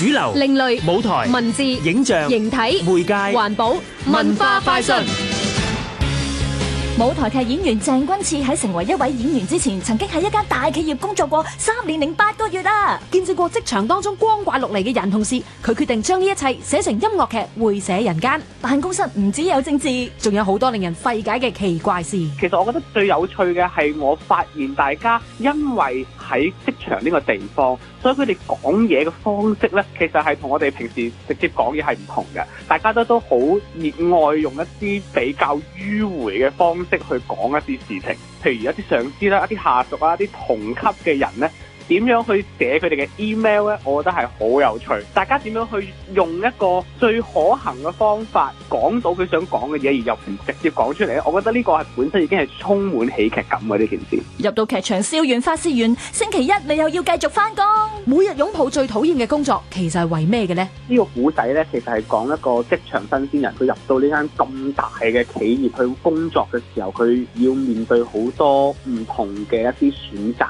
主流、另類、舞台、文字、影像、形體、媒介、環保、文化快訊。舞台劇演員鄭君熾喺成為一位演員之前，曾經喺一間大企業工作過三年零八個月啦，啊，見證過職場當中光怪陸離嘅人同事。佢決定將呢一切寫成音樂劇《會寫人間》。辦公室唔止有政治，仲有好多令人費解嘅奇怪事。其實我覺得最有趣嘅係，我發現大家因為喺職場呢個地方，所以佢哋講嘢嘅方式咧，其實係同我哋平時直接講嘢係唔同嘅。大家都都好熱愛用一啲比較迂回嘅方式。識去講一啲事情，譬如一啲上司啦，一啲下屬啊，一啲同級嘅人咧。點樣去寫佢哋嘅 email 呢？我覺得係好有趣。大家點樣去用一個最可行嘅方法講到佢想講嘅嘢，而又唔直接講出嚟。我覺得呢個係本身已經係充滿喜劇感嘅呢件事。入到劇場笑完發泄完，星期一你又要繼續翻工，每日擁抱最討厭嘅工作，其實係為咩嘅呢？呢個古仔呢，其實係講一個職場新鮮人，佢入到呢間咁大嘅企業去工作嘅時候，佢要面對好多唔同嘅一啲選擇。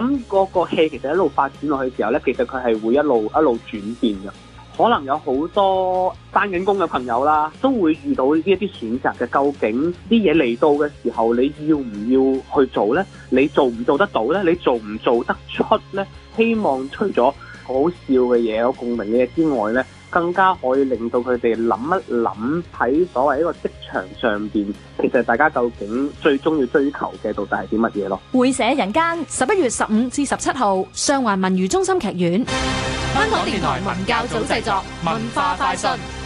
咁、嗰個戲其實一路發展落去嘅時候呢，其實佢係會一路一路轉變嘅。可能有好多返緊工嘅朋友啦，都會遇到呢一啲選擇嘅。究竟啲嘢嚟到嘅時候，你要唔要去做呢？你做唔做得到呢？你做唔做得出呢？希望吹咗。好笑嘅嘢、有共鳴嘅嘢之外咧，更加可以令到佢哋諗一諗喺所謂一個職場上邊，其實大家究竟最中意追求嘅到底係啲乜嘢咯？會寫人間十一月十五至十七號，上環文娛中心劇院。香港電台文教組製作文化快訊。